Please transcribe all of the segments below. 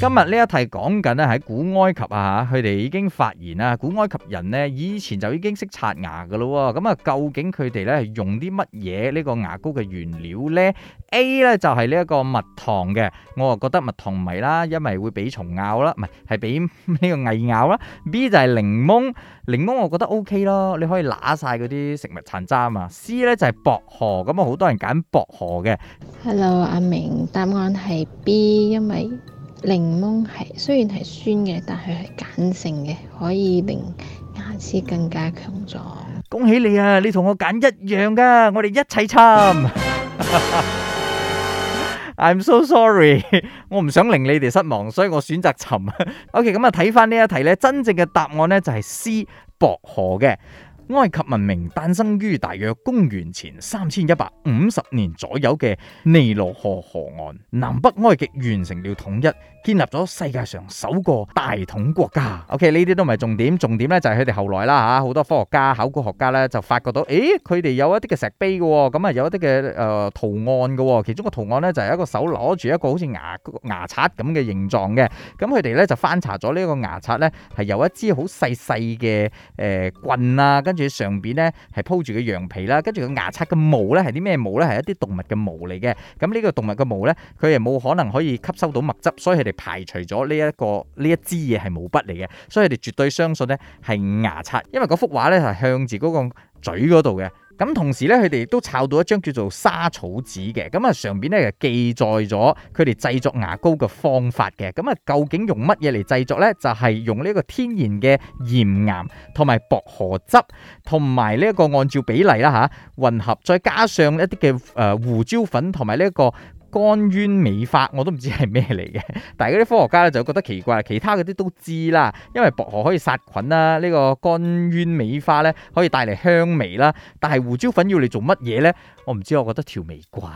今日呢一題講緊咧喺古埃及啊，佢哋已經發現啊，古埃及人呢以前就已經識刷牙噶咯。咁、嗯、啊，究竟佢哋呢係用啲乜嘢呢個牙膏嘅原料呢？A 呢就係呢一個蜜糖嘅，我啊覺得蜜糖唔係啦，因為會俾蟲咬啦，唔係係俾呢個蟻咬啦。B 就係檸檬，檸檬我覺得 OK 咯，你可以揦晒嗰啲食物殘渣啊嘛。C 呢就係薄荷，咁啊好多人揀薄荷嘅。Hello，阿明，答案係 B，因為。檸檬係雖然係酸嘅，但係係鹼性嘅，可以令牙齒更加強壯。恭喜你啊！你同我揀一樣噶，我哋一齊沉。 I'm so sorry， 我唔想令你哋失望，所以我選擇沉。 OK，咁啊睇翻呢一題呢，真正嘅答案呢，就係 C 薄荷嘅。埃及文明誕生於大約公元前三千一百五十年左右嘅尼羅河河岸，南北埃及完成了統一，建立咗世界上首個大統國家。OK，呢啲都唔係重點，重點咧就係佢哋後來啦吓，好多科學家、考古學家咧就發覺到，誒，佢哋有一啲嘅石碑嘅，咁啊有一啲嘅誒圖案嘅，其中個圖案咧就係一個手攞住一個好似牙牙刷咁嘅形狀嘅，咁佢哋咧就翻查咗呢個牙刷咧係有一支好細細嘅誒、呃、棍啊，跟上邊咧係鋪住嘅羊皮啦，跟住個牙刷嘅毛咧係啲咩毛咧？係一啲動物嘅毛嚟嘅。咁、這、呢個動物嘅毛咧，佢係冇可能可以吸收到墨汁，所以佢哋排除咗呢一個呢一支嘢係毛筆嚟嘅。所以佢哋絕對相信咧係牙刷，因為嗰幅畫咧係向住嗰個嘴嗰度嘅。咁同時咧，佢哋都炒到一張叫做沙草紙嘅，咁啊上邊咧就記載咗佢哋製作牙膏嘅方法嘅。咁啊，究竟用乜嘢嚟製作呢？就係、是、用呢一個天然嘅鹽岩同埋薄荷汁，同埋呢一個按照比例啦嚇，混合，再加上一啲嘅誒胡椒粉同埋呢一個。乾鳶尾花我都唔知係咩嚟嘅，但係嗰啲科學家咧就覺得奇怪，其他嗰啲都知啦，因為薄荷可以殺菌啦，呢、這個乾鳶尾花咧可以帶嚟香味啦，但係胡椒粉要嚟做乜嘢咧？我唔知，我覺得調味啩。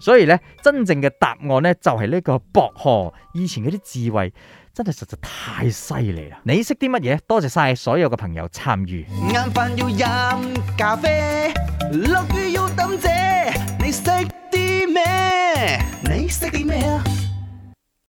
所以咧，真正嘅答案咧就係呢個薄荷，以前嗰啲智慧真係實在太犀利啦！你識啲乜嘢？多謝晒所有嘅朋友參與。